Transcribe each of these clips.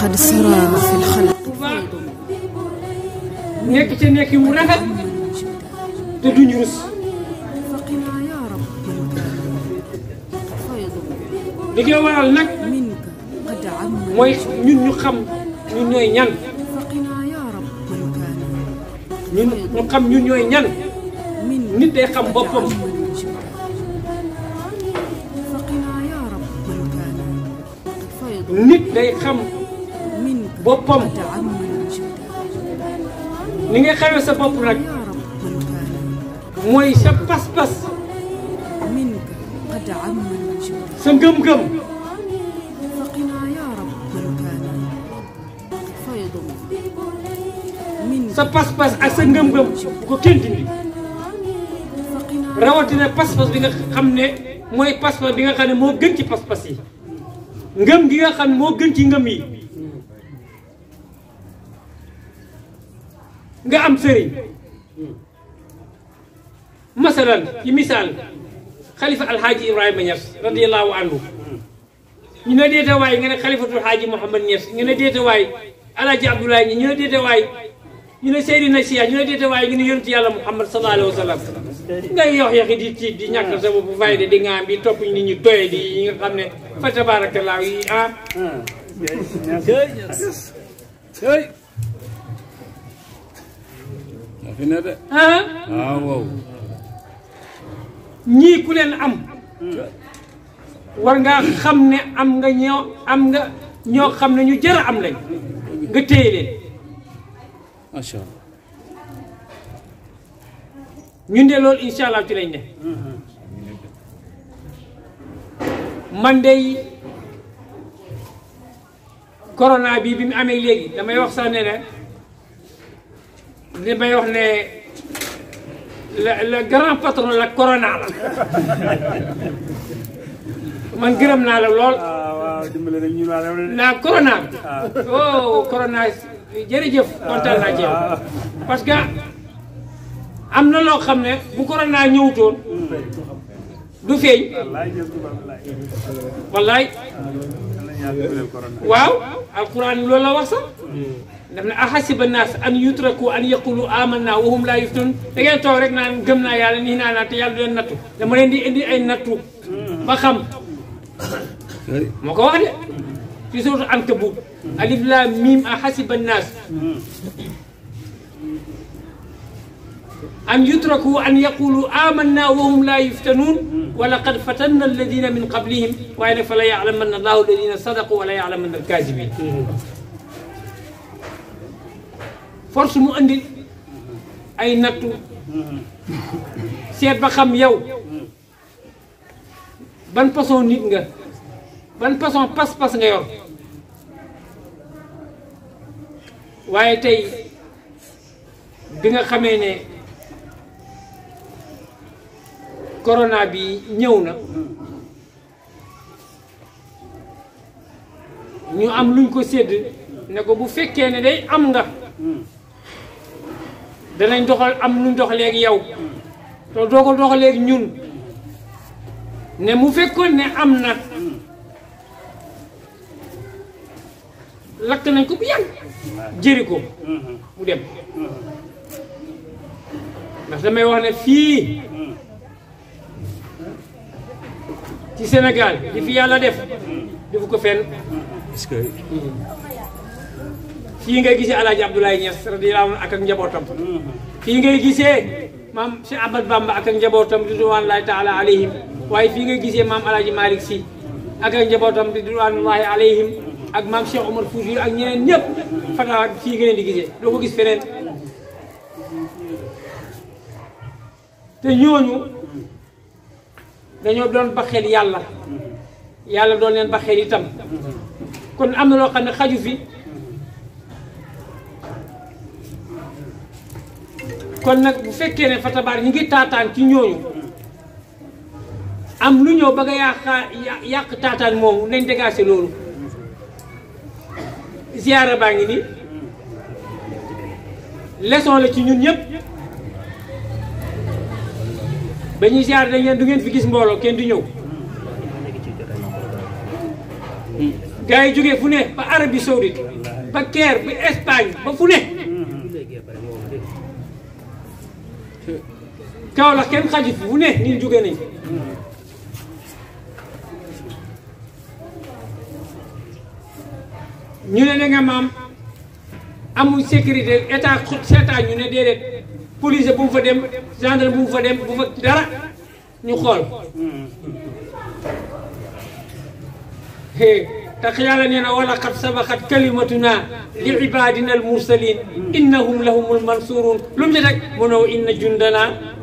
قد سرى في nekk ca nekk wu rafet te duñ ñu xam ñun ñooy ñan ñun xam ñun ñooy ñan nit day xam boppam nit day xam bopam ni nga xewé sa bop rek moy sa pas-pas ah, sa ngëm-ngëm sa pass pass ak sa ngëm-ngëm ko kentini rawati rawatina pass pass bi nga xamné moy pass pass bi nga xamné mo gën ci pass pass yi ngëm gi nga xamné mo gën ci ngëm yi nga am sëriñ masalan ci misaal xalifa alxaaji ibrahima ñas radiallahu anhu ñu ne déetawaay nga ne xalifatul xaaji mouhamad ñas nga ne déetawaay alaaji abdoulaye ñu ne déetawaay ñu ne seydina siya ñu ne déetawaay nga ne yontu yàlla mouhamad sallallahu alayhi nga yox yaxi di tiit di ñàkk sa bopp fayda di nga am bi topp nit ñi doye di yi nga xam ne fa tabarakallaahu yi ah, ah. Ah, ñii ku leen am war ngaa xam ne am nga ñoo nga ñoo xam ne ñu jara am lañ nga téye leen de loolu incha man dey corona bi bi mu amee léegi damay wax sax ne li may wax ne le grand patron la corona la man gërëm naa la lool. Ah, la corona. Ah. oh corona jërëjëf kontaan naa ci ah. parce que am na loo xam ne bu corona ñëwutoon du feeñ. wallaay. waaw alquran loolu la wax أحسب الناس أن يتركوا أن يقولوا آمنا وهم لا يفتنون لكن ngeen toog rek naan gëm naa yàlla nii naa naa te yàlla du leen nattu dama leen di indi ay nattu ba أحسب الناس أن يتركوا أن يقولوا آمنا وهم لا يفتنون ولقد فتنا الذين من قبلهم وإن فلا يعلمن الله الذين صدقوا ولا يعلمن الكاذبين force mu andi ay nattu seet ba xam yow ban façon nit nga ban façon pas-pas nga yor waaye tey bi nga xamee ne corona bi ñëw na ñu am luñ ko sedd ne ko bu fekkee ne day am nga danañ doxal am lu dox léegi yow te doo ko doxalee léegi ñun ne mu fekkoon ne am na lakk nañ ko bu yàgg jëri ko dem ndax damay wax ne fii ci senegal li yàlla def defu ko fenn. fii ngay gisee alaaji Abdoulaye Niass radiyallahu anhu ak ak njabotam fii ngay gisee mam Cheikh Ahmad Bamba ak ak njabootam ridwanullahi taala alayhim way fi ngay gisee mam alaaji malik si ak ak njabootam ridwanullahi alayhim ak mam Cheikh Omar Foutiyou ak ñeneen ñep fata fii ngay di gisee do ko gis fenen te ñooñu dañu doon baxel yalla yalla doon len baxel itam kon amna lo xamne xaju fi kon nag bu fekkee ne fatabaar ñu ngi taataan ci ñooñu am lu ñëw ba nga yàq yàq taataan moomu nañ dégager loolu ziyaara baa ngi nii leçon la ci ñun ñëpp ba ñuy ziyaar dañ du ngeen fi gis mbooloo kenn du ñëw gars jóge fu ne ba Arabie Saoudite ba Caire ba Espagne ba fu ne كاو لكن خديف ونه نين جوجاني نيونا نيغا مام اموي سيكوريتي ايتا خوت سيتا نيونا ديدت بوليس بوم فا ديم جاندار بوم فا ديم بوم فا دارا ني خول هي تخيال ان ولقد سبقت كلمتنا لعبادنا المرسلين انهم لهم المنصورون لم يتك منو ان جندنا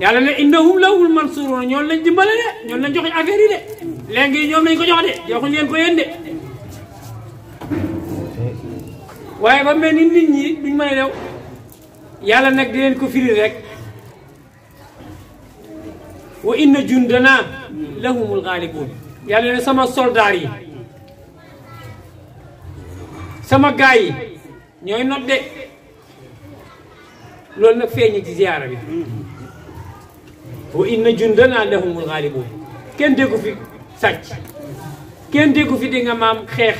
yàlla ne innahum lawul mansuruuna ñoom lañ dimbale de ñoom lañ joxe affaire yi de léegi ñoom lañ ko jox de joxuñ ko yéen de waaye ba mel ni nit ñi duñ mën lew yàlla nag di leen ko firi rek wa inna jundana lahumul gaalibun yàlla ne sama soldaar yi sama gaay yi ñooy not de loolu nag feeñi ci bi wa inna jundanaa lahumul ghaalibuun kenn déggu fi sàcc kenn déggu fi di nga maam xeex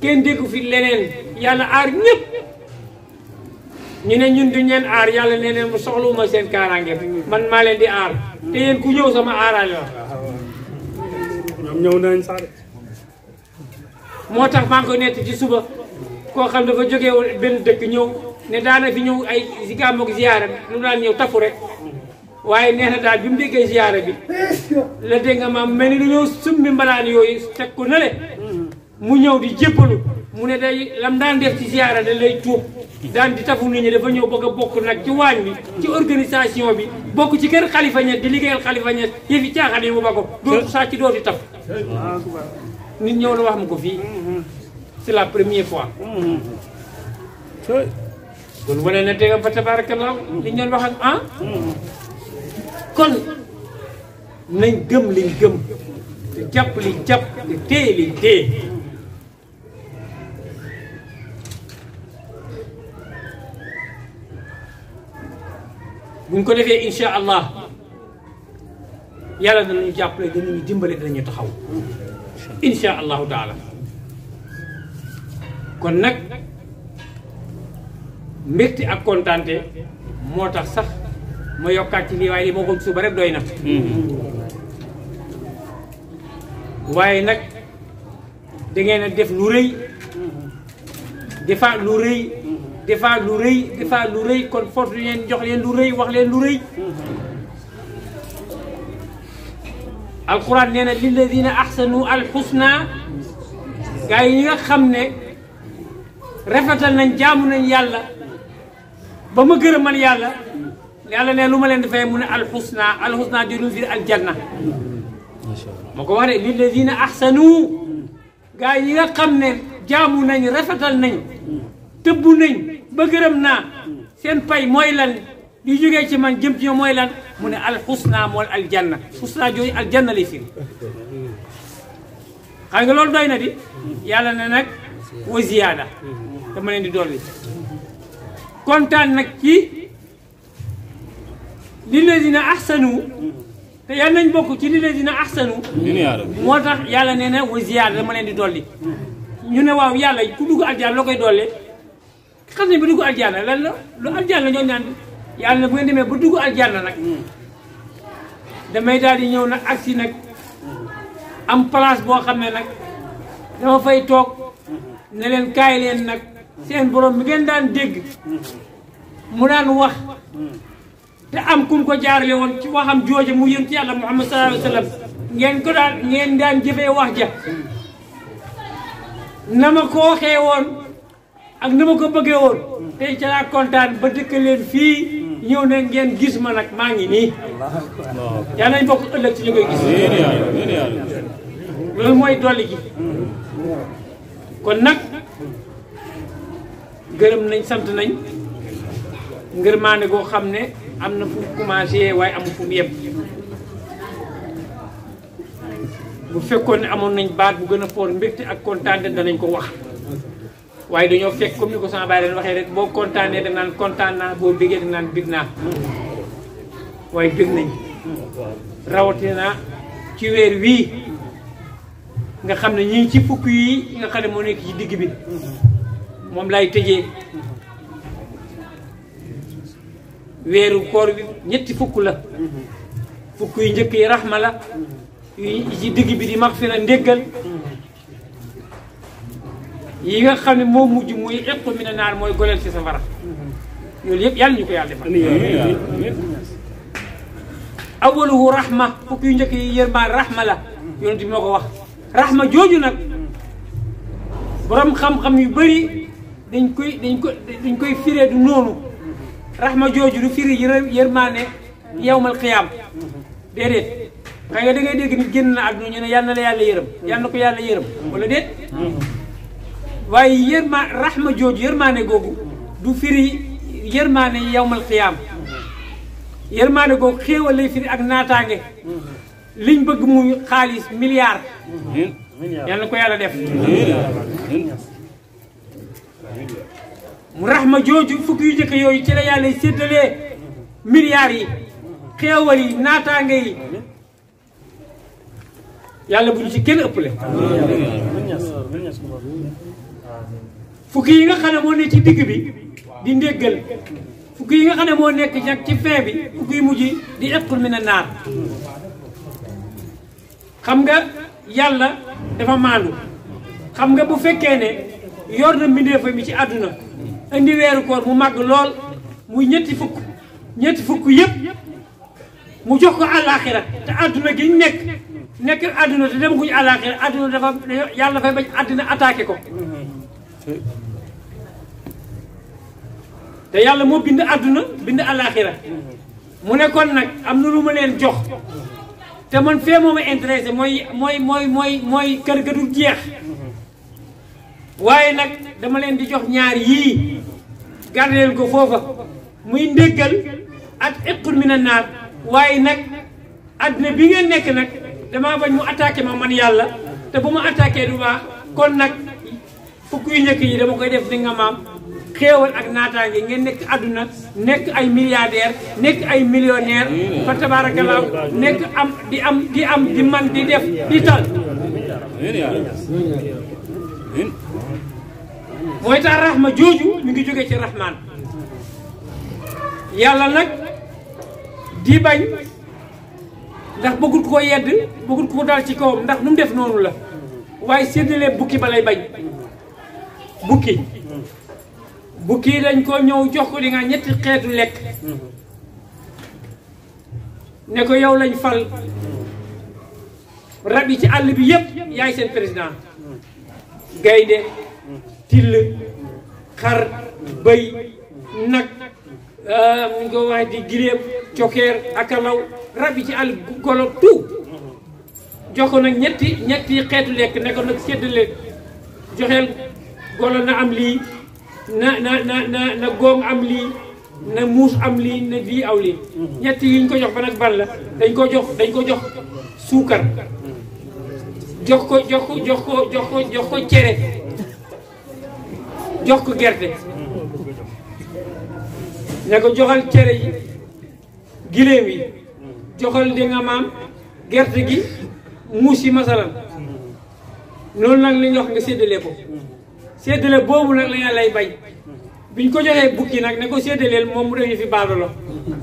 kenn déggu fi leneen yàlla aar ñëpp ñu ne ñun du ñeen aar yàlla nee neen mu soxluma seen kaaraange man maa leen di aar te yéen ku ñëw sama aaraale la ñoom moo tax maa ko nett ci suba koo xam dafa jógee benn dëkk ñëw ne daana fi ñëw ay si gàmmu ak ziyaara lu daan ñëw tafu rek waaye nee na daal bi mu déggee ziyaara bi la dégg nga maam mel ni dañoo summi mbalaan yooyu teg ko nële mu ñëw di jéppalu mu ne day lam daan def ci ziyaara da lay tuub daan di tafu nit ñi ñëw bëgg a bokk nag ci waañ bi ci organisation bi bokk ci kër xalifa ñet di liggéeyal xalifa ñet yëfi caaxaan yi mu ko ñëw na wax ma ko fii c'est la première fois loolu wane na wax ah? kon nañ gëm liñ gëm te jàpp liñ jàpp te téye liñ téye ko defee insha allah yàlla jàppale danañu dimbale danañu taxaw insha allahu taala kon nag mbégte ak kontaante moo tax sax ma yokkaat ci lii waaye li boo suba rek doy na waaye nag dangeen a def lu rëy defaat lu rëy defaat lu rëy defaat lu rëy kon fort leen jox leen lu rëy wax leen lu rëy alquran nee na lilladina ahsanu alxusna gaa yi nga xam ne rafetal nañ jaamu nañ yàlla ba ma gërëm yàlla yàlla ne lu ma leen di fa mu ne alxusna alxusna jëlum fii aljanna moo ko wax de lilladina ahsanu gaa yi nga xam ne jaamu nañ rafetal nañ tëbbu nañ ba gërëm naa seen pay mooy lan li jógee ci man jëm ci mooy lan mu ne alxusna mooy aljanna xusna jooju aljanna lay firi xam nga loolu doy na di yàlla ne nag wa ziyaada dama leen di dolli kontaan nag ci lillazina ahsanu te yal nañ bokk ci lillazina ahsanu moo tax yàlla nee na wa dama leen di dolli ñu ne waaw yàlla ku dugg aljana loo koy dolli xam nañ ba dugg aljana lan la lu aljana ñoo ñaan yàlla bu ngeen demee ba dugg aljana nag damay daal di ñëw nag agsi nag am place boo xam ne nag dama fay toog ne leen kaay leen nag seen borom mi ngeen daan dégg mu daan wax te am kum ko jaarale won ci waxam jojje mu yent yalla muhammad sallallahu Alaihi wasallam ngeen ko dal ngeen daan jefe wax ja nama ko waxee won ak nama ko bëggee won tey ci la contane ba dëkk leen fi ñew na ngeen gis ma nak ma ngi ni ya nañ bokk ëlëk ci ñu koy gis lool moy dolli gi kon nak gërëm nañ sant nañ ngir maane go xamne am na fu commencé waaye amul fu mu yem bu fekkoon ne amoon nañ baat bu gën a foor mbégte ak kontaante nañ ko wax waaye dañoo fekk comme ni ko sama baay rek boo kontaanee danaan kontaan naa boo bëggee danaan bëgg naa waaye bëgg nañ rawatina ci weer wii nga xam ne ñi ci fukk yi nga xam ne moo nekk ci digg bi moom lay tëjee wéru koor bi ñetti fukk la fukk yu njëkk yi rahma la yu ci digg bi di maxfira ndéggal yi nga xam ne moo mujj muy iq mi ne naar mooy goleel ci safara loolu yëpp yàlla ñu ko yàlla defal awaluhu rahma fukk yu njëkk yi yërmaan rahma la yoon bi moo ko wax rahma jooju nag borom xam-xam yu bëri dañ koy dañ ko dañ koy firee du noonu raxma jooju du firi yërmaane yawmal qiyaam déedéet xëy nga da ngay dégg nit génn na àdduna ñu ne yal na yàlla yërëm yal ko yàlla yërëm wala déet waaye yërma raxma jooju yërmaane googu du firi yërmaane yawmal qiyaam yërmaane googu xéewal lay firi ak naataange liñ bëgg muy xaalis milliard yal ko yàlla def mu raxma jooju fukki yu njëkk yooyu ci la yàlla séddalee milliards yi xeewal yi naataange yi yàlla bu ñu ci kenn ëppale fukki yi nga xam ne moo ne ci digg bi di ndéggal fukki yi nga xam ne moo nekk nag ci fin bi fukki yi mujj di ëpp mi na naar xam nga yàlla dafa maandu xam nga bu fekkee ne yor na mbindeefam mi ci àdduna indi weeru koor mu màgg lool muy ñetti fukk ñetti fukk yëpp mu jox ko àllaaxira te àdduna gi ñu nekk nekk àdduna te dem guñu àllaaxira adduna dafa yàlla dafay bañ àddina attaqué ko te yàlla moo bind àdduna bind àllaaxira mu ne nag am na lu ma leen jox te man fee moo ma intéressé mooy mooy mooy mooy mooy kër ga du jeex waaye nag dama leen di jox ñaar yii gardeel ko foofa muy ndéggal ak équl mi na naar waaye nag adduna bi ngeen nekk nag damaa bañ mu attaqué ma man yàlla te bu mu attaqué du baax kon nag fukk yu njëkk yi dama koy def di nga maam xéewal ak naataange ngeen nekk àdduna nekk ay milliardaire nekk ay millionnaire fa tabaarakalaaw nekk am di am di am di man di def di tal mooy tax raxma jooju mi ngi jóge ci raxmaan yàlla nag di bañ ndax bëggut ko yedd bëggut ko dal ci kawam ndax nu mu def noonu la waaye séddale bukki balay bañ bukki bukki dañ koo ñëw jox ko li nga ñetti xeetu lekk ne ko yow lañ fal rab yi ci àll bi yépp yaay seen président gaynde till xar bëy nag ñu euh, ko wax di giléem cokeer akalaw rab yi ci àll golo tout jox ko nag ñetti ñetti xeetu lekk ne ko nag séddale joxeel golo na am lii na na na na na am lii na muus am lii na lii aw lii ñett yi ñu ko jox ba nag ban la dañ koo jox dañ ko jox suukar jox ko jox ko jox ko jox ko jox ko cere jox ko gerte ne ko joxal cere yi giléem yi joxal di nga maam gerte gi muus yi masalan noonu nag li ñu wax nga séddale ko séddale boobu nag la yàlla lay bay biñ ko joxee bukki nag ne ko séddaleel moom mu def fi baadolo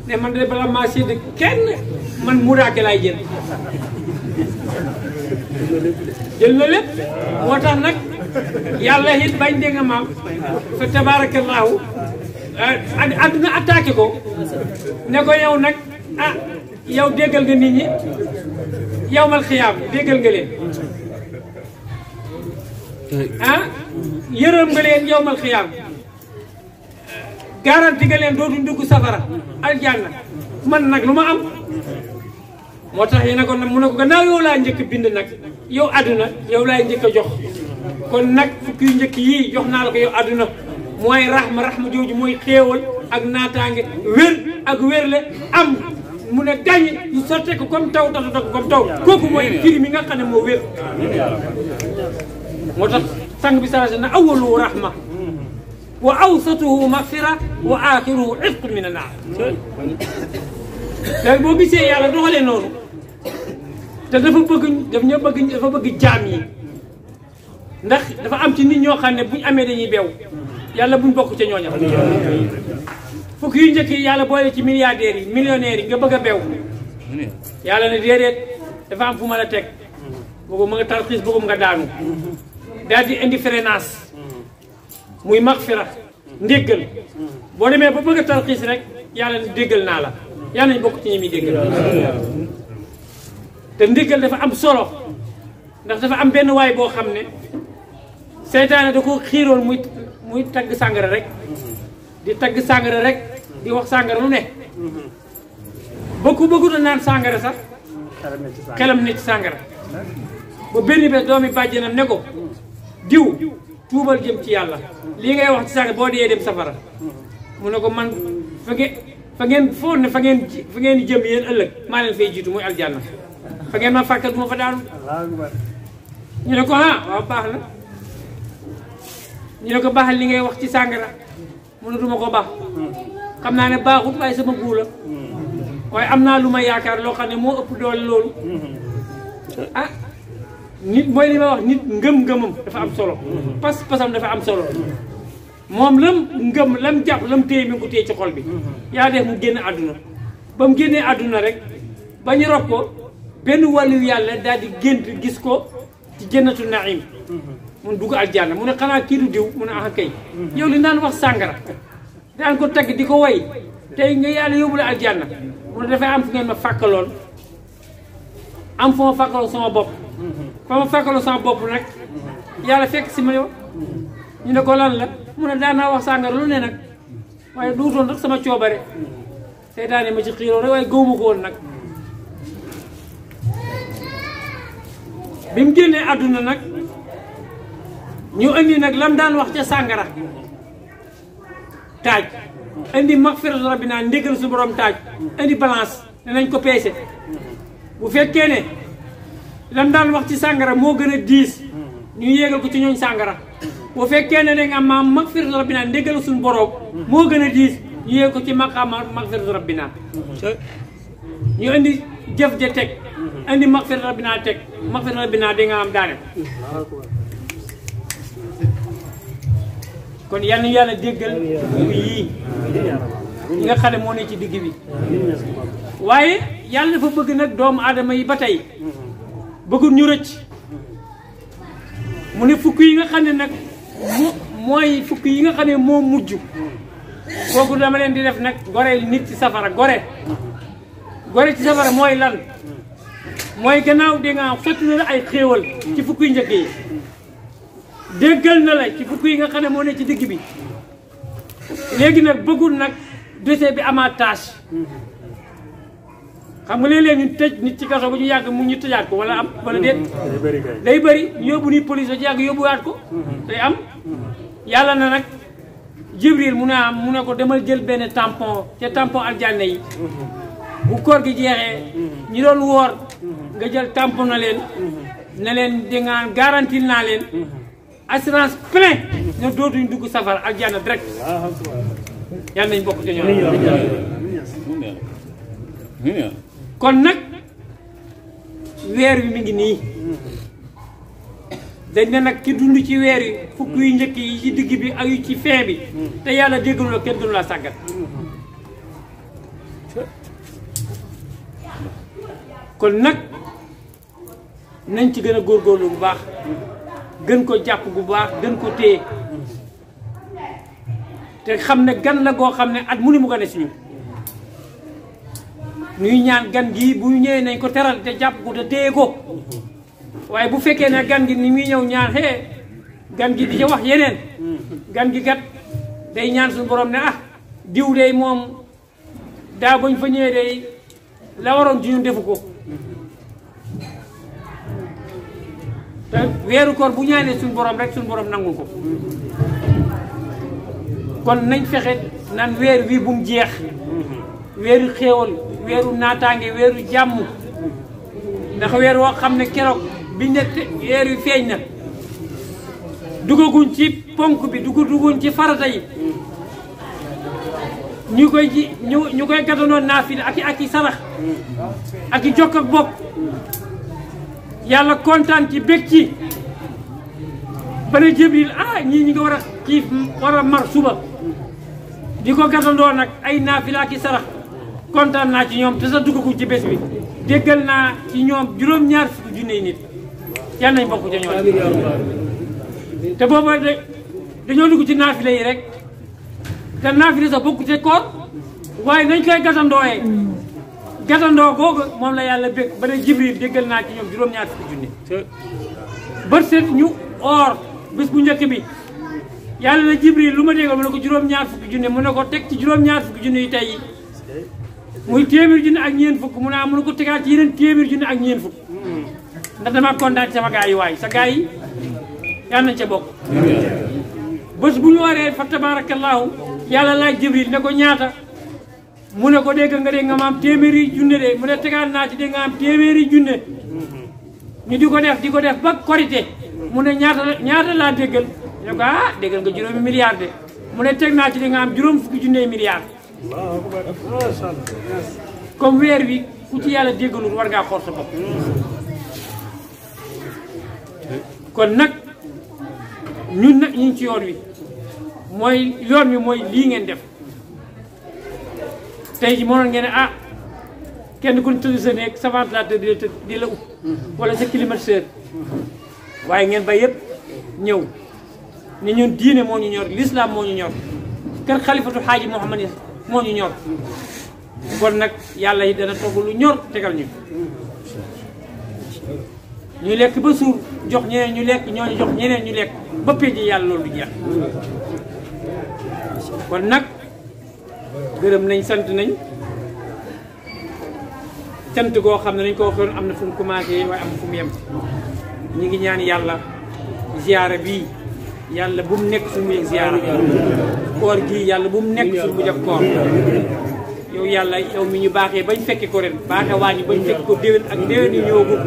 ne man de bala maa sédd kenn man muraake laay jël jël na lépp moo tax nag yàlla it bañ dégg nga maam fa tabaarakallaahu eh, àdduna attaqué ko ne ko yow nag ah yow déggal nga nit ñi yow mal xiyaam déggal nga leen ah yërëm nga leen yow mal xiyaam garanti nga dootuñ dugg safara aljanna man nag lu ma am moo tax yi ne ko nag mu ne ko gannaaw yow laa njëkk bind nag yow àdduna yow laay njëkk jox كونك فكي نكي يوحنا لك يو أدنا موي رحمة رحمة جوج موي خيول أك ناتانج وير أك وير لي أم مونا غاني يو سوتي كو كوم تاو تاو تاو كوم تاو كوكو موي كيري ميغا خاني مو وير موتاخ سانغ بي سالاجنا اول رحمه واوسطه مغفره واخره عفق من النار دا بو بيسي يالا دوخالي نونو تا دا فا بëgg دا ñu بëgg دا فا بëgg جامي ndax dafa am ci nit ñoo xam ne ñu amee dañuy beew yàlla buñ bokk ca ñooña fukk yu njëkk yi yàlla boole ci milliardaires yi millionnaires yi nga bëgg a beew yàlla ne déedéet dafa am fu ma la teg bëggum nga tarxiis bëggum nga daanu daal di indi freinage muy maxfira ndéggal boo demee ba bëgg a tarxiis rek yàlla ne déggal naa la yàlla nañ bokk ci ñi muy déggal te ndéggal dafa am solo ndax dafa am benn waay boo xam ne setan da ko xiiroon muy muy tagg sàngara rek di tagg sàngara rek di wax sàngara lu ne ba ku bëggu nan naan sàngara sax xelam ne ci sàngara ba benn bés doomi bàjjenam ne ko diw tuubal jëm ci yàlla lii ngay wax ci sàngara boo dee dem safara mu man fa ngeen fa ngeen foog jëm yéen ëllëg maa leen fay jiitu muy aljanna fa ma fàkkat du fa daanu ñu ko ah, baax ñu ne ko baaxal li ngay wax ci sàngara mu ne duma ko baax xam naa ne baaxut waaye sama guula waaye am naa lu ma yaakaar loo xam ne moo ëpp doole loolu ah nit mooy li ma wax nit ngëm-ngëmam dafa am solo pas-pasam dafa am solo moom lam ngëm lam jàpp lam téye mi ngi ci xol bi yaa def mu génn àdduna ba mu génnee àdduna rek ba ñu rob ko benn wàllu yàlla daal di génn gis ko ci jannatu naim mun dugg aljanna mu ne xanaa kii du diw mu ne ah kay yow li naan wax sàngara daan ko tagg di ko way tey nga yàlla yóbbu la aljanna mu ne dafay am fu ngeen ma fàkkaloon am fu ma fàkkaloon sama bopp fa ma fàkkaloon sama bopp nag yàlla fekk si ma yow ñu ne ko lan la mu ne daanaa wax sàngara lu ne nag waaye duutoon rek sama coobare seytaane ma ci xiiroo rek waaye gëwuma ko woon nag bi mu génnee àdduna nag ñu indi nag lam daan wax ca sàngara taaj indi magfiratu rabbina ndéggal su boroom taaj indi balance danañ ko peese bu fekkee ne lam daan wax ci sàngara moo gën a diis ñu yéegal ko ci ñooñ sàngara bu fekkee ne danga maam magfiratu rabbina ndéggal suñu borom moo gën a diis ñu yéegal ko ci maqaama magfiratu rabbina ñu indi jëf ja teg indi magfiratu rabbina teg magfiratu rabbina di nga am daane kon yal na yàlla déggal yii ñi nga xam ne moo ne ci digg bi waaye yàlla dafa bëgg nag doomu aadama yi ba tey bëggul ñu rëcc mu ne fukk yi nga xam ne nag mu mooy fukk yi nga xam ne moo mujj kooku dama leen di def nag gore nit ci safara gore gore ci safara mooy lan mooy gannaaw di fekk sotti na ay xéewal ci fukki njëkk yi déggal na la ci fukk yi nga xam ne moo ne ci digg bi léegi nag bëggul nag dossier bi amaa tâche xam nga léeg leen ñu tëj nit ci kaso bu ñu yàgg mu ñu tëjaat ko wala am wala déet day bëri ñu yóbbu nit police ci yàgg yóbbuwaat ko day am yàlla na nag jibril mu ne am mu ne ko demal jël benn tampon ca tampon aljanna yi bu koor gi jeexee ñi doon woor nga jël tampon na leen mm-hmm. ne leen dangaan garantil naa leen mm-hmm. assurance plein ñoo dootuñu dugg safara ak jànna direct yàlla nañ bokk ci ñoom kon nag weer wi mi ngi nii dañ ne nag ki dund ci weer yi fukk yu njëkk yi ci digg bi ak yu ci fin bi te yàlla déggalu la kenn dunu la sàggat kon nag nañ ci gën a góorgóorlu bu baax gën ko jàpp bu baax gën ko téye te xam ne gan la goo xam ne at mu ni mu gane si ñun ñuy ñaan gan gi bu ñëwee nañ ko teral te jàpp ko te téye ko waaye bu fekkee ne gan gi ni muy ñëw ñaan xee gan gi di ca wax yeneen gan gi kat day ñaan suñu borom ne ah diw dey moom daa bañ fa ñëwee la waroon ci ñun defu ko weeru koor bu ñaanee suñu borom rek suñu borom nangu ko kon nañ fexe naan weer wi bu mu jeex weeru xéewal weeru naataange weeru jàmm ndax weer woo xam ne keroog bi ne weer wi feeñ na dugaguñ ci ponk bi dugg dugguñ ci farata yi ñu koy ji ñu ñu koy gàttandoo naafila ak i ak i sarax ak i jokk ak bokk yàlla kontaan ci bég ci ba ne Jibril ah, ñii ñi nga war a xiif war a mar suba di ko gasandoo nag ay naafila ki sarax kontaan naa ci ñoom te sa duggagu ci mi bi déggal naa ci ñoom juróom-ñaar fukki junne yi nit yàlla nañ bokk ca te booba de dañoo dugg ci naafila yi rek te naafila sax bokku ci koor waaye nañ koy gasandooyee gatandoo googu moom la yàlla bég ba ne jibril déggal naa ci ñoom juróom-ñaar fukki junni bët set ñu or bis bu njëkk bi yàlla na jibril lu ma déggal mu ne ko juróom-ñaar fukki junni teg ci juróom-ñaar fukki junni yi tey muy ak ñeen fukk mu ah, mu ne ko tegaat ci yeneen téeméer junni ak ñeen fukk ndax sa gars yi ca bokk bés ñu waree fa tabaarakallaahu yàlla laaj jibril ne ko ñaata mu ne ko dégg nga dégg nga ma am téeméeri junne de mu ne tegaat naa ci dégg nga am téeméeri junne ñu di ko def di ko def ba korité mu ne ñaata ñaata laa déggal ñu ne ah nga juróomi milliard de mu ne teg naa ci dégg nga am juróom fukki junne milliard comme weer wi ku ci yàlla déggalul war ngaa xool sa bopp kon nag ñun nag ñu ngi ci yoon wi mooy yoon wi mooy lii ngeen def tey ji mënoon ngeen ah kenn ku ñu tëdd sa néeg sa ventilateur di la të di la ut wala sa climatiseur waaye ngeen ba yëpp ñëw ni ñun diine moo ñu ñor l'islam moo ñu ñor kër xalifatu xaaji Muhammad moo ñu ñor kon nag yàlla yi dana togg lu ñor tegal ñu ñu lekk ba suur jox ñeneen ñu lekk ñooñu jox ñeneen ñu lekk ba péej yàlla loolu du jeex kon nag gërëm nañ sant nañ sant goo xam ne nañ ko waxoon am na fu mu commencé waaye am fu mu yem ñu ngi ñaan yàlla ziyaara bii yàlla bu mu nekk suñu mujj ziyaara koor gii yàlla bu mu nekk suñu mujj ak koor yow yàlla yow mi ñu baaxee bañ fekki ko ren baaxe waañu bañ fekki ko déwén ak déwén yu ñëwagul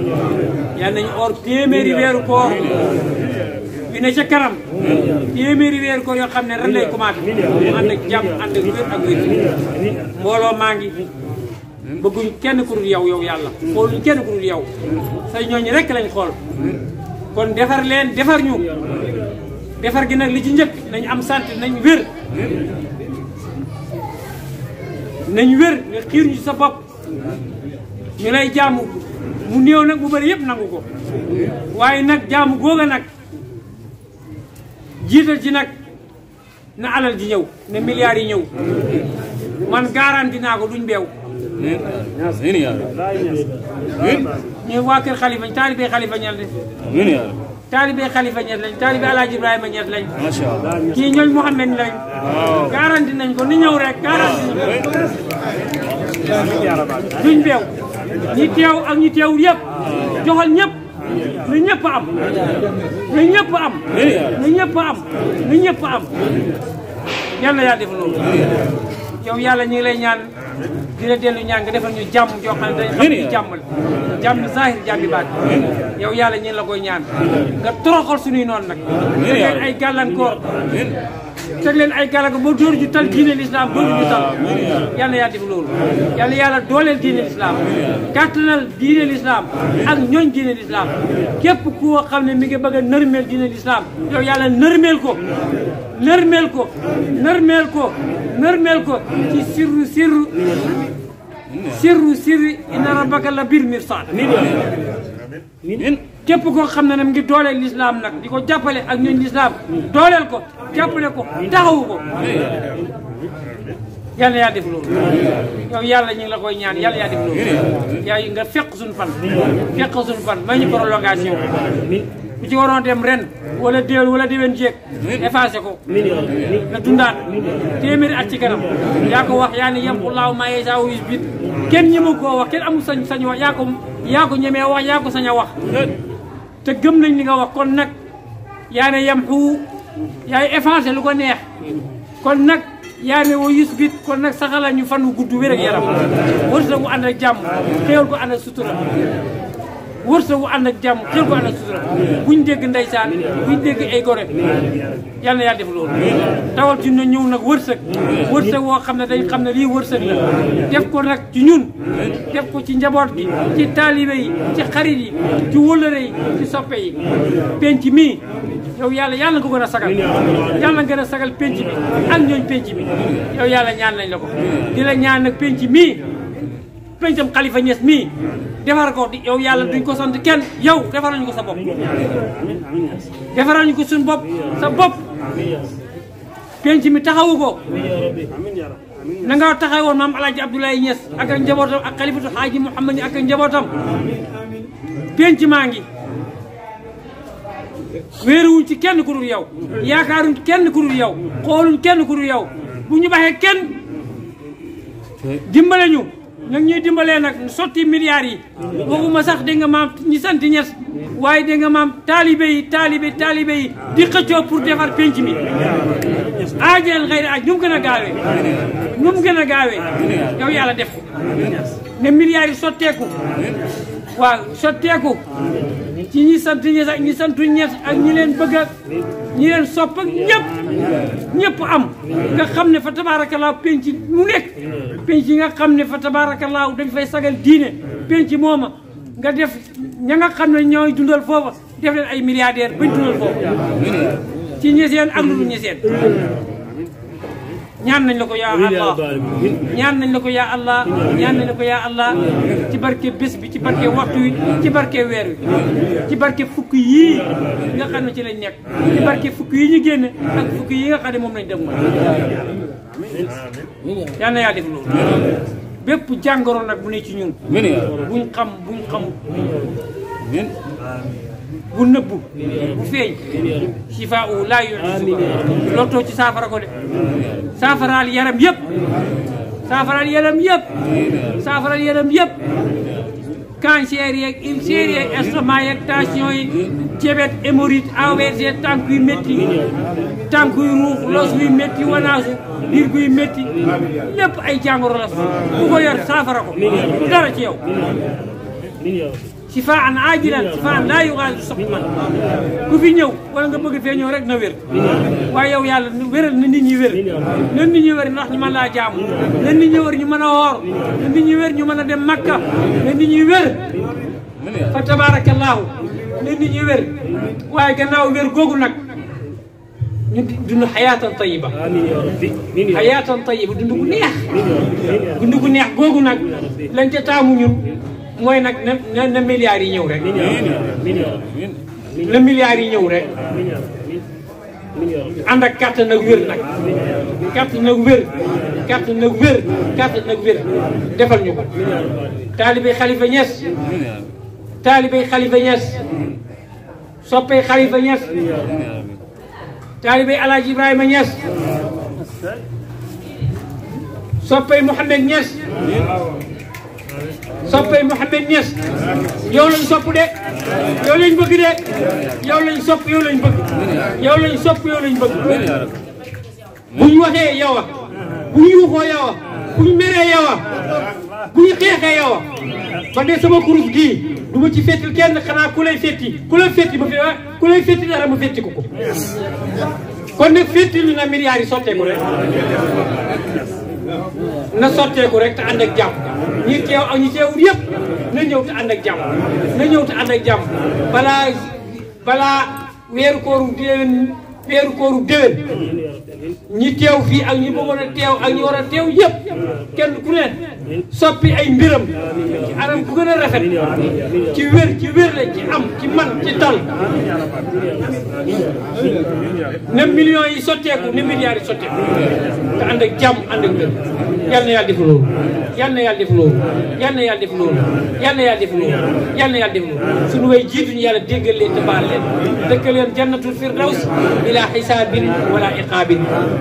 yàlla nañu or téeméeri weeru koor bi ne ca kanam téeméeri weer ko yoo xam ne ren lay commencé mu ànd ak jàmm ànd ak wér ak mbooloo maa ngi bëgguñ kenn ku dul yow yow yàlla xooluñ kenn ku dul yow say ñooñu rek lañ xool kon defar leen defar ñu defar gi nag li ci njëkk nañ am sant nañ wér nañ wér nga xiir ñu sa bopp ñu lay jaamu mu néew nag bu bëri yëpp nangu ko waaye nag jaamu googa nag jiital ji nag na alal ji ñëw ne milliards ñëw man garanti naa ko duñ beew ñu waa kër xalifa ñu taalibe xalifa ñal de taalibe xalifa ñet lañ taalibe ibrahima ñet lañ kii ñooñ Muhammad lañ garanti nañ ko ni ñëw rek garanti nañ ko duñ beew ñi teew ak ñi teewul yëpp joxal ñëpp lu ñëpp am lu ñëpp am lu ñëpp am lu ñëpp yàlla yaa def loolu ñu ngi lay ñaan di la dellu ñaan nga defal ñu jàmm joo xam ne xam ne jàmm la jàmm zahir jàmmi baat yow yàlla ñu la koy ñaan nga toroxal suñuy noonu nag nga ay gàllankoor teg leen ay galaga ba dóor ju tal diine lislaam dóor ju tal yal na yàlla def loolu yal dooleel diine lislaam kàttanal diine lislaam ak ñooñ diine lislaam képp ku xam ne mi ngi bëgg a nërmeel diine lislaam yow yàlla nërmeel ko nërmeel ko nërmeel ko nërmeel ko sirru sirru sirru inna rabbaka la bir mirsad képp koo xam ne nag ngir dooleel lislaam nag di ko jàppale ak ñun lislaam dooleel ko jàppale ko taxawu ko yàlla yaa def loolu yàlla ñu ngi la koy ñaan yàlla yaa def loolu nga fekk suñu fan fekk suñu fan may ñu prolongation bu ci waroon dem ren wala déwén wala déwén jéeg effacé ko na dundaat téeméeri at ci kanam yaa ko wax yaa ne yem xulaaw maa yee saa wis kenn ñi ma wax kenn amul sañ sañ wax yaa ko yaa ko ñemee wax yaa ko sañ a wax te gëm nañ li nga wax kon nag yaa ne yam xuu yaay effacé lu ko neex kon nag yaa ne woo yusbit kon nag saxala ñu fan wu gudd wér ak yaram wërsëg wu ànd ak jàmm xéewal ko ànd ak sutura wërsëg wu ànd ak jàmm xel ko ànd ak sutura buñ dégg ndeysaan buñ dégg ay gore yal na yàlla def loolu tawal ci na ñëw nag wërsëg wërsëg woo xam ne dañ xam ne lii wërsëg la def ko nag ci ñun def ko ci njaboot bi ci taalibe yi ci xarit yi ci wëllëre yi ci soppe yi penc mii yow yàlla yàlla nga gën a sagal yàlla nga gën a sagal penc bi ak ñooñ penc bi yow yàlla ñaan nañ la ko di la ñaan nag penc mii pencam Khalifa ñes mi defar ko yow yalla duñ ko sante kenn yow defaral nañ ko sa bop defaral nañ ko sun bop sa bop penc mi taxawu ko ya ya ya na nga taxawoon maam alaaji abdoulaye ñes ak ak njabootam ak khalifatu haji muhammad ak ak njabootam penc maangi ngi ci kenn ku dul yow yaakaaruñ kenn ku dul yow xooluñ kenn ku dul yow bu ñu kenn dimbalé ñu nag ñuy dimbalee nag sotti milliards yi waxuma sax dégg nga maam ñi sant ñes waaye dégg nga maam taalibe yi taalibe taalibe yi di xëccoo pour defar pénc mi aaje xëy na aaj nu mu gën a gaawee nu mu gën a gaawee yow yàlla def ko ne milliards yi sotteeku waaw sotteeku ci ñi sant ñes ak ñi santu ñes ak ñi leen bëgg ak ñi leen sopp ak ñëpp am nga xam ne fa tabaarakallaahu penc mu nekk penc yi nga xam ne fa tabaarakallaahu dañ fay sagal diine penc mooma nga def ña nga xam ne ñooy dundal foofa def leen ay milliardaire bañ dundal foofa ci ñeseen ak lu ñeseen ñaan nañ la ko yaa allah ñaan nañ la ko yaa allah ñaan nañ la ci barke bés bi ci barke waxtu wi ci barke weer wi ci barke fukk yii nga xam ne ci lañ nekk ci barke fukk yi ñu génne ak fukk yi nga xam ne moom lañ dem ma yal na yaa def loolu bépp jàngoro nag bu ne ci ñun buñ xam buñ xamul bu nëbbu bu feeñ sifaa u laa yusu ci saafara ko de saafaraal yaram yëpp saafaraal yaram yëpp saafaraal yaram yëpp cancer yeeg ulcère yi diabète hémorroïde AVC tànk yu métti yu ruux los yu métti wanaasu biir buy métti lépp ay jàngoro la ku ko saafara ko dara ci yow shifaan aajilan shifaan laa yugaadiru saqiman ku fi ñëw wala nga bëgg fee rek na wér waaye yow yàlla wéral na nit ñi wér na nit ñi wér ndax ñu mën laa jaamu na nit ñi wér ñu mën a woor na nit ñu mën a dem na nit ñi wér fa tabaarakallaahu na nit ñi wér waaye gannaaw wér googu nag ñu dund xayaatan tayiba xayaatan tayiba dund gu neex dund googu nag lañ ca ñun mooy nag na na yi ñëw rek. na milliards yi ñëw rek. ànd ak kàttan ak wér nag. kàttan ak wér. kàttan ak wér kàttan ak wér defal ñu ko. taalibey xalifa ñes. taalibey xalifa ñes. soppey xalifa ñes. taalibey alaaji ibrahima ñes. soppey Mouhamed ñes. soppee Mouhamed Niass yow lañ sopp de yow lañ bëgg de yow lañ sopp yow lañ bëgg yow lañ sopp lañ bëgg bu waxee yow a bu ñu yuuxoo yow a bu ñu meree yow a xeexee yow a man de sama kurus gii du ci fettil kenn xanaa ku lay fetti ku lay fetti ma fi wax ah, fetti dara ma fetti ko ko kon nag fettil na milliards yi sottee ko rek na sotteeku rek te ànd ak jàmm ñi teew ak ñi teewul yëpp na ñëw te ànd ak jàmm na ñëw te ànd ak jàmm balaa balaa weeru kooru déwén weeru kooru déwén ñi teew fii ak ñi bëggoon a teew ak ñi war a teew yëpp kenn ku ne soppi ay mbiram ci anam ku gën a rafet ci wér ci wér la ci am ci man ci tal ne millions yi sotteeku ne milliards yi sotteeku te ànd ak jàmm ànd ak dëgg yal na yàlla yàlla def loolu yàlla yàlla def loolu yal na way jiituñu yàlla déggal leen leen dëkk leen jannatul firdaws bila xisaabin wala iqaab عابد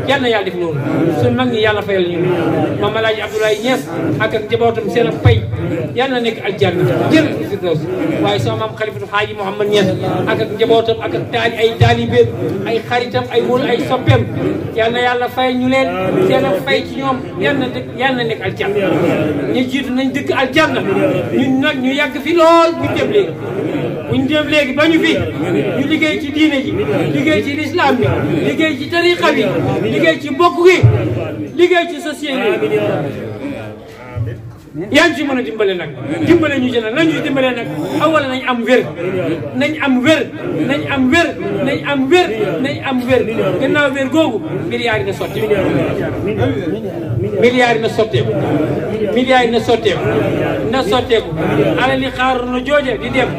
كان يا ديف نون سون ماغي يالا فايل نيو ماما لاج عبد الله نيس اك جبوتم سينا باي يالا نيك الجنه جير فيروس واي سو مام خليفه حاج محمد نيس اك جبوتم اك تالي اي طالب اي خريتم اي مول اي سوبيم يالا يالا فاي نيو لين سينا باي سي نيوم يالا ديك يالا نيك الجنه ني جيت نان ديك الجنه ني ناك ني askan wi liggéey ci mbokk gi liggéey ci société bi yaa ngi ci mën a dimbale nag dimbale ñu ci nag nañu ci dimbale nag awal nañ am wér nañ am wér nañ am wér nañ am wér nañ am wér gannaaw wér googu milliards yi na sotteeku milliards yi na sotteeku milliards yi na sotteeku na sotteeku alali xaaru na jooje di dem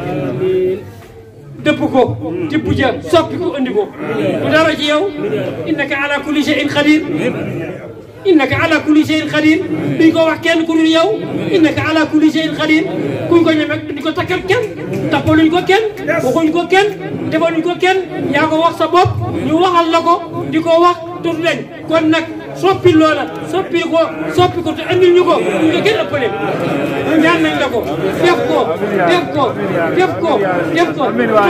dëpp ko tibb ja soppi ko andi ko bu dara ci yow innaka ala kulli shay'in qadir innaka ala kulli shay'in qadir duñ ko wax kenn ku dul yow innaka ala kulli shay'in qadir kuñ ko ñeme duñ ko takkal kenn tappaluñ ko kenn waxuñ ko kenn defaluñ ko kenn yaa ko wax sa bopp ñu waxal la ko di ko wax tur leen kon nag soppi loola soppi ko soppi ko te andil ñu ko ñu ko kenn ëppale ñaan nañ la ko def ko def ko def ko def ko ci ah,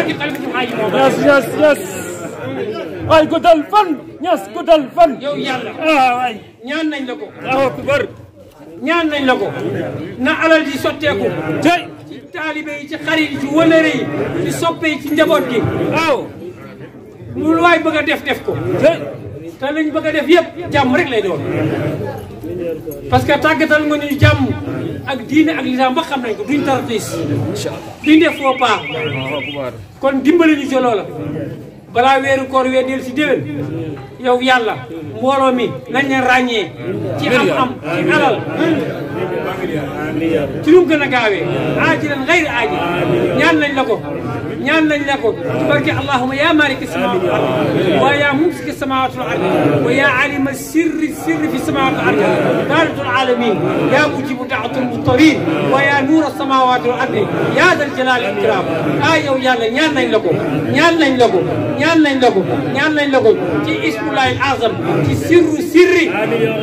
nañ ko na alal ji sotteeku tey ci taalibe yi ci xarit yi ci wëlëre ci soppe ci njaboot gi waaw lu waay bëgg a def def ko te liñ bëgg a def yépp jàmm rek lay doon parce que tàggatal nga ñuy jàmm ak diine ak lislaam ba xam nañ ko duñ tartis duñ def faux pas kon dimbali ñu ci loola balaa weeru koor weer del si déwén yow yàlla mbooloo mi nañ leen ràññee ci am-am ya? ci alal ci lu mu gën a gaawee aaji leen xayri aaji ñaan nañ la ñaan nañ la ko ci barke allahuma ya malik samawati wal ard wa ya mumsik samawati wal ard wa ya alima sirri sirri fi samawati wal ard baritul alamin ya mujibu da'atul muttalin wa ya nur samawati wal ard ya dal jalal ikram ay yow yàlla ñaan nañ la ko ñaan nañ la ko ñaan nañ la ko ñaan nañ la ko ci ismullahi alazam ci sirru sirri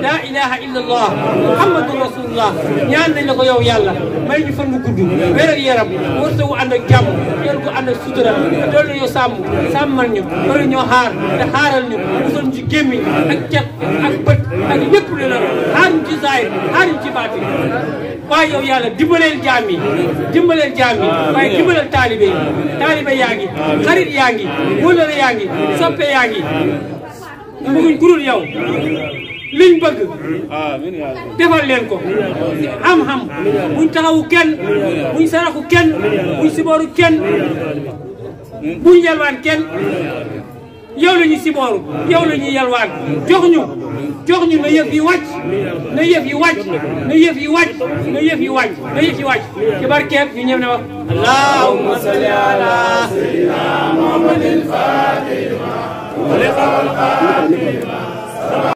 la ilaha illa allah muhammadur rasulullah ñaan nañ la ko yow yàlla may ñu fan mu gudd wér ak yaram wërta wu ànd ak jàmm yor ko ànd yàlla sutural doolu ñu sàmm sàmmal ñu doolu ñoo xaar te xaaral ñu musal ñu ci gémmiñ ak cet ak bët ak lépp lu la xaar ñu ci zaahir xaar ñu ci baatin waaye yow yàlla dimbaleel jaam yi dimbaleel jaam yi waaye dimbaleel taalibe yi taalibe yaa ngi xarit yaa ngi wóllare yaa ngi soppe yaa ngi bëgguñ kurul yow liñ bëgg defal leen ko xam-xam buñ taxawu kenn buñ saraxu kenn buñ sibooru kenn buñ yalwaan kenn yow la ñu sibooru yow la ñuy yalwaan jox ñu jox ñu na yëf yi wàcc na yëf yi wàcc na yëf yi wàcc na yëf yi wàcc na yëf yi wàcc ci barkeeb ñu ñëw ne wax allahumma salli ala sayyidina muhammadin fatih